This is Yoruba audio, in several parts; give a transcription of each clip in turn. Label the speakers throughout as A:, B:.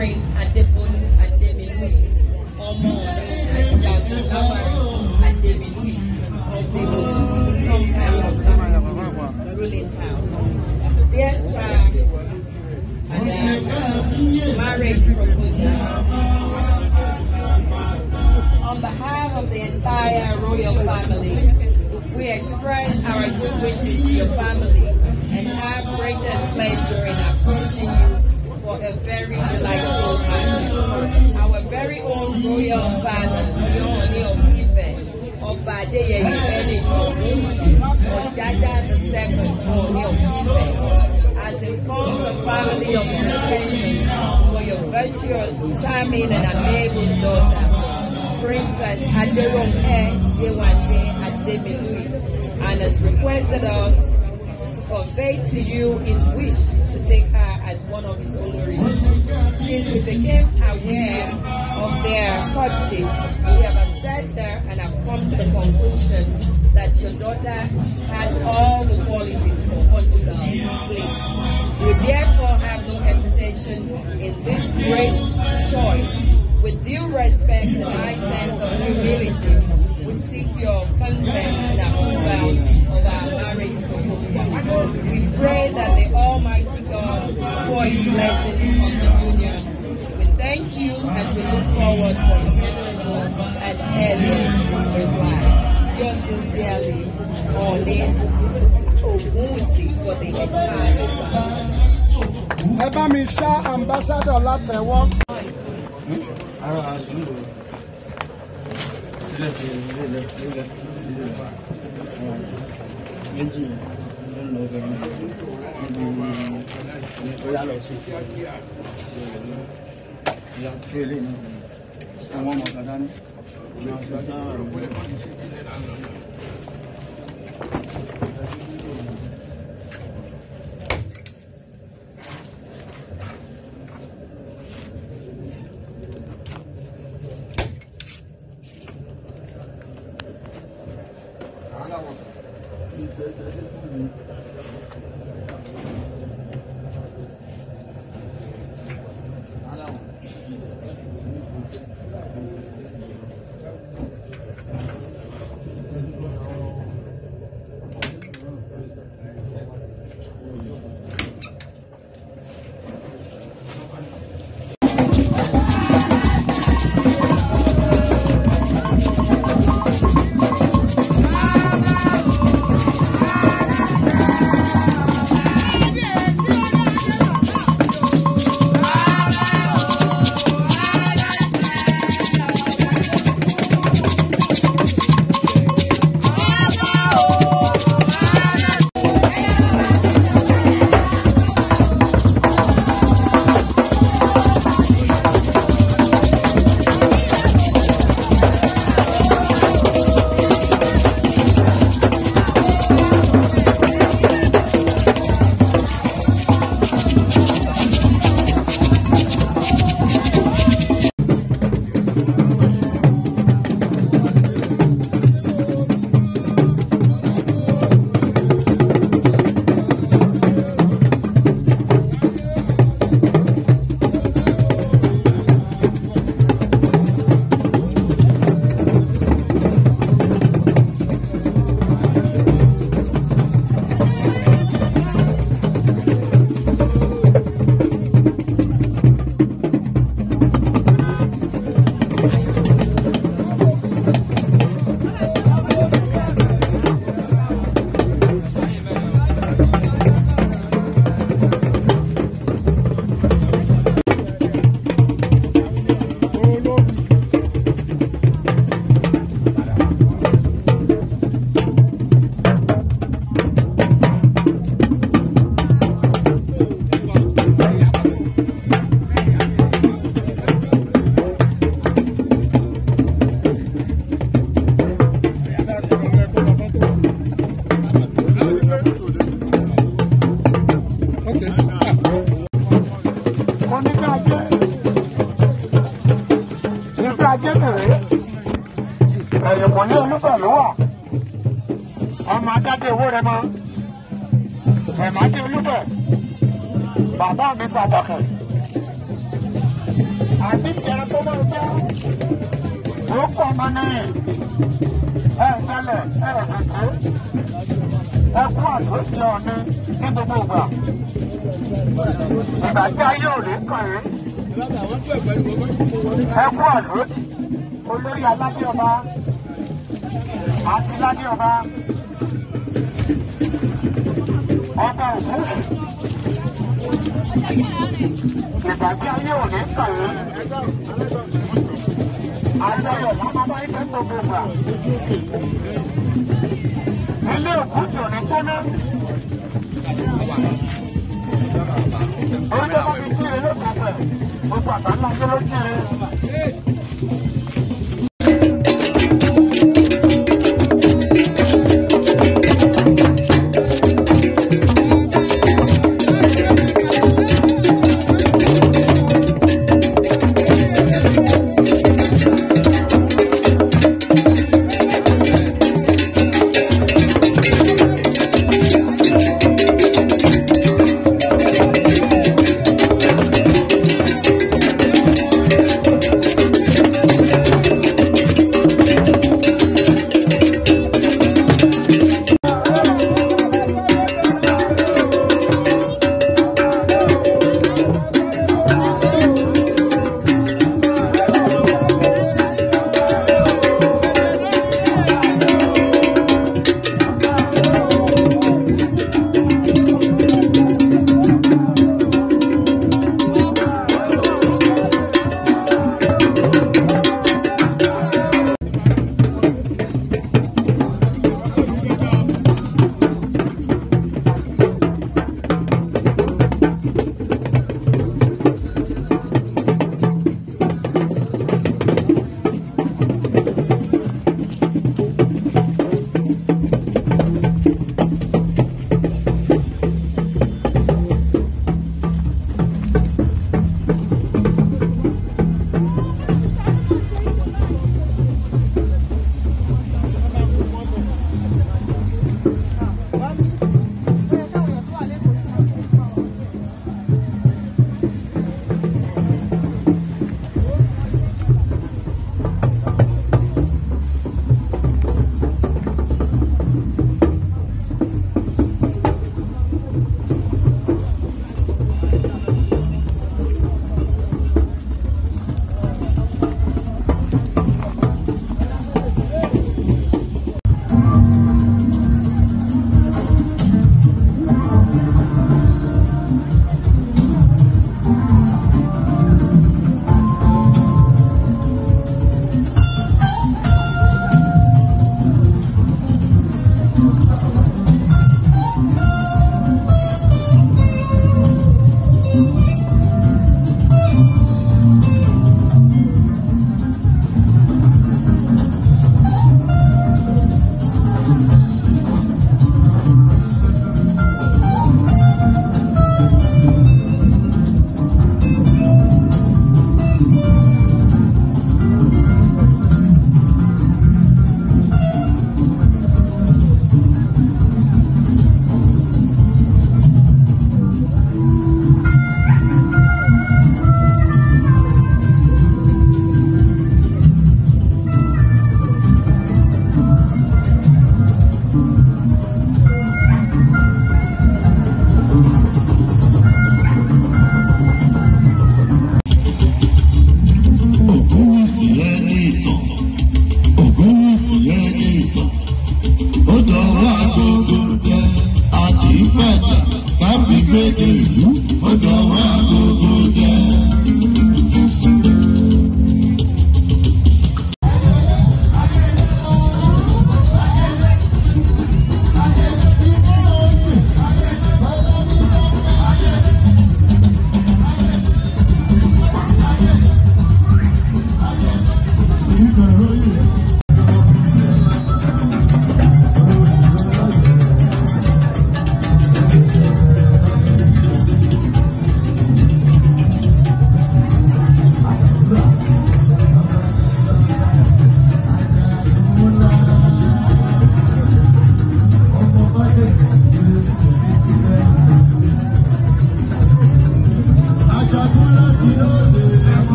A: ọmọ tuntun ruling house. Yes, sir. marriage proposal. On behalf of the entire royal family, we express our good wishes to your family and have greatest pleasure in approaching you for a very delightful party. Our very own royal father, Yoni of Ife, Ọba Adeyeye or Ọ̀jájá the second, Yoni of Ife, has informed the family of his intentions for your virtuous, charming, and amiable daughter, Princess Aderonke Yewande Ademilu, and has requested us to convey to you his wish take her as one of his own Since we became aware of their friendship. we have assessed her and have come to the conclusion that your daughter has all the qualities for ẹsẹ̀ wọ́. ara sùúrù ilé ilé ilé ilé ilé méjì ló ń lọ bẹ̀rẹ̀ níbi ìgbéyà lọ sí ìyá tó ilé náà àwọn ọmọ ọ̀gá dání ìyá tó dání. Vamos. mo ní bí ajé ní bí ajé bèrè ẹ̀yìn kò ní olúbẹ̀lú wà ọmọ adáde owó rẹ mọ ẹ̀mọ́ adé olúbẹ̀ bàbá mi pàtàkì àti ìjà tó máa gbọ́ tó kọ́ ọmọ náà ẹ̀ ń tẹ́lẹ̀ ẹ̀ ń tẹ́lẹ̀ ẹ fún àtúnṣe ọ̀nì ní gbogbo ìgbà. ìgbà tí ayé ò lè kàn yín. ẹ fún àtúnṣe olórí aládé ọba àti aládé ọba ọba òkú. ìgbà tí ayé ò lè kàn yín. Ayọ̀ ọ̀la máa bá gbogbo ìgbà ilé òkú tí ò ní gbóná. orí tó bá fi kí ilé lókun pẹ̀ gbogbo àgbà ńlá tó ló kí ilé.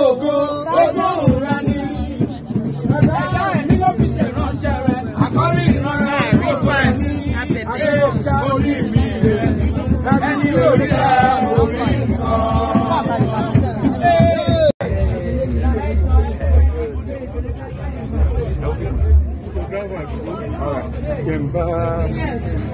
A: ògo gbogbo òrùra ni. Ẹ̀dá ẹ̀mí ló fi ṣèrànṣẹ́ rẹ̀. Àkọ́rí ìrànra ẹ̀mí fún ẹ̀mí. Adéyọ̀ká orí mi rẹ̀. Ẹni orí ara orí nǹkan. All right.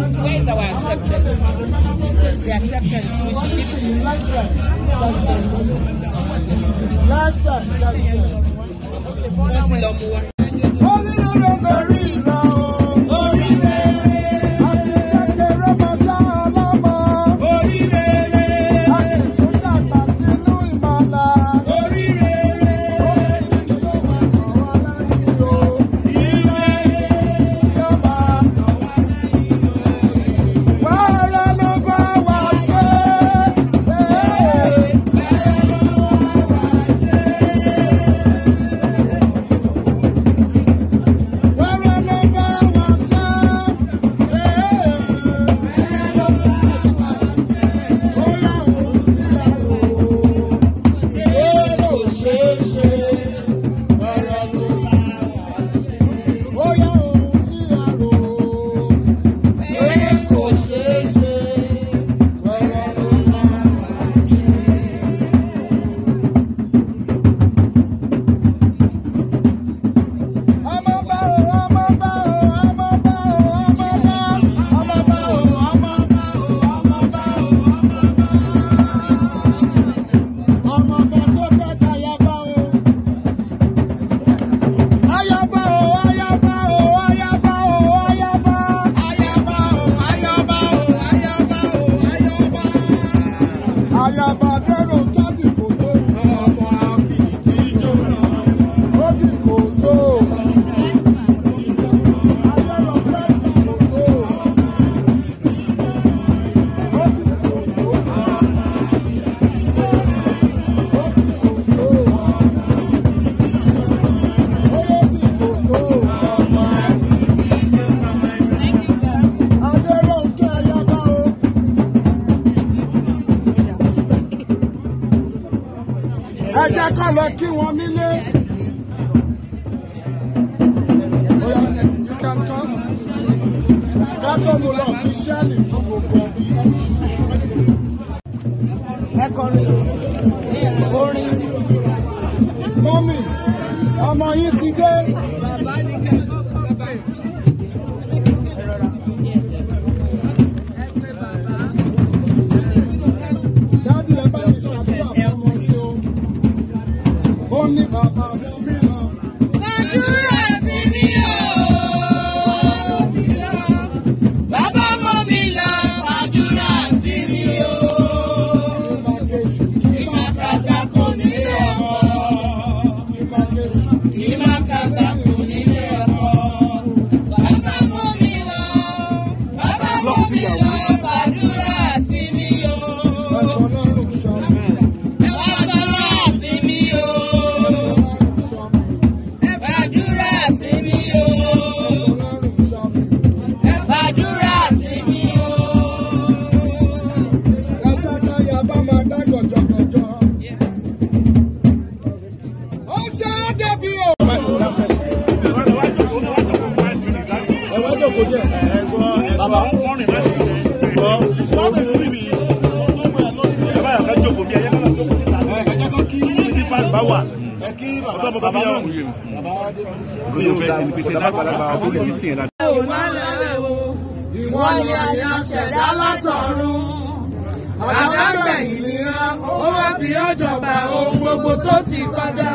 A: acceptance? Where is our acceptance? The acceptance we should give to Last side. Last side. Last side. Last side. kàn lọ kí wọn nílé. You can come. That one will officially Mm. bàbá wà ọ̀tọ̀ mo tó fi yàn ni ó wá fi ọ̀jọ̀gbà ohun gbogbo tó ti kọjá.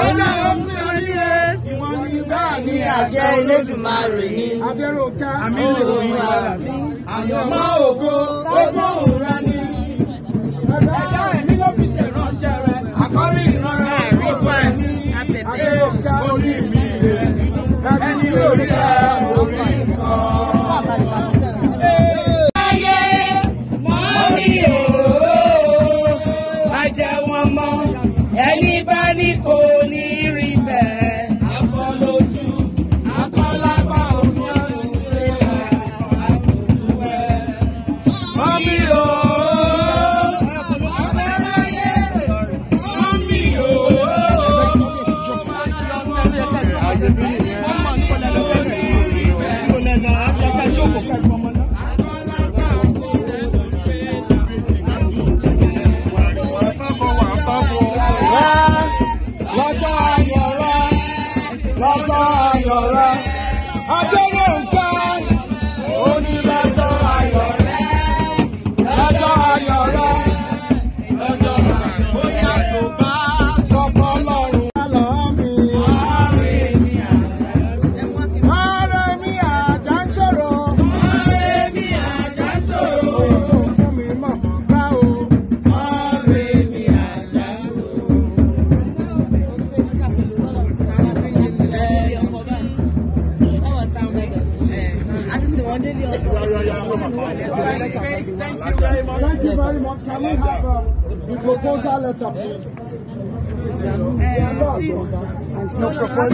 A: ó dára fún oríire ìwọ ni báà ní àṣẹ olódùmarè ni. abẹ́rọ̀ká òun àmì àyọ̀mọ́ ògo ó gbóhùn rani àkọ́rí ìrora àkókò ẹni àtẹ̀tẹ̀ orí mi rẹ̀ ẹni orí ara orí nǹkan.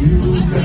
A: You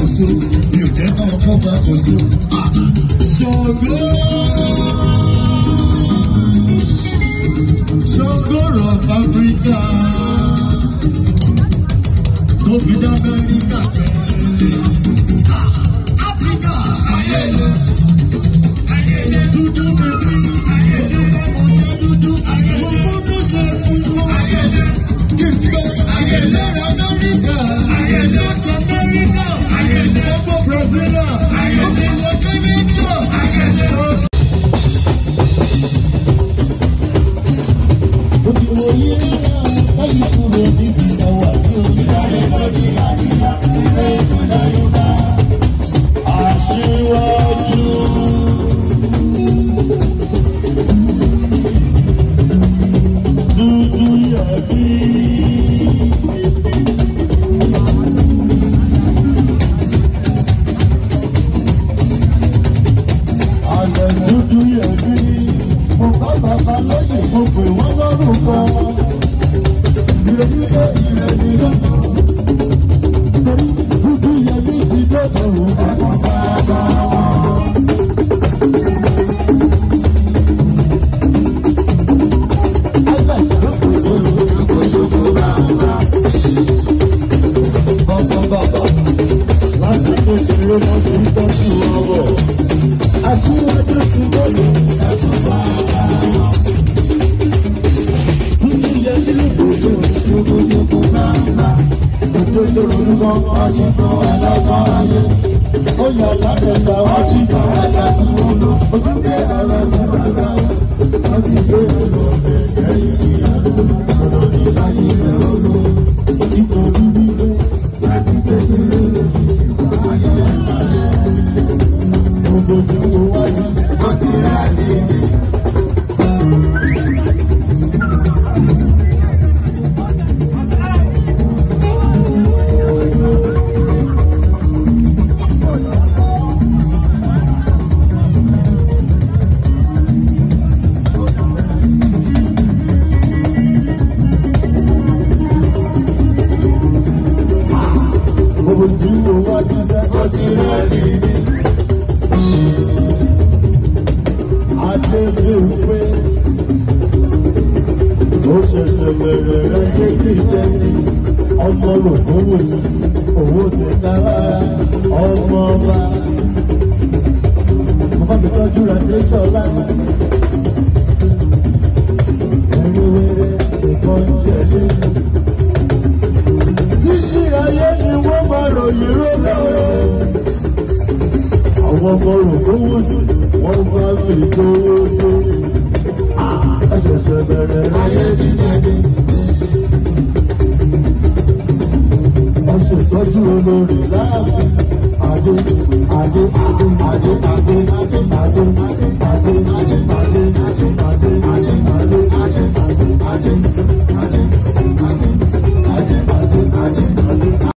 A: kò sí mi ò jẹ́ tán fọ́ba kò sí o. Ah, ṣògo. mo pè wọ́n lórúkọ ìrètí pé. àwọ̀jíṣẹ́ kò ti rẹ́rì mi. Adébíyìnpé ó ṣẹ̀ṣẹ̀ bẹ̀rẹ̀ rẹ̀ kéjì jẹ́ ní ọmọ lòkòwò owó ti ká lára ọmọ ọba. Bàbá mi tọ́jú ra dé sọ́lá. Ẹni wẹ́rẹ́ ìbọn jẹ́ ọ̀rọ̀ yìí ló lọ́wọ́. àwọn ọmọ rò kówó sí wọn bá fi kówó tó. ẹsẹ̀sẹ̀ bẹ̀rẹ̀ ayé jíjẹ ni. ọ̀ṣẹ̀tọ́jú olórí láàbù adé adé adé adé adé adé adé adé adé adé adé adé. I did, I did, I did, I did, I did, I did, I did, I did.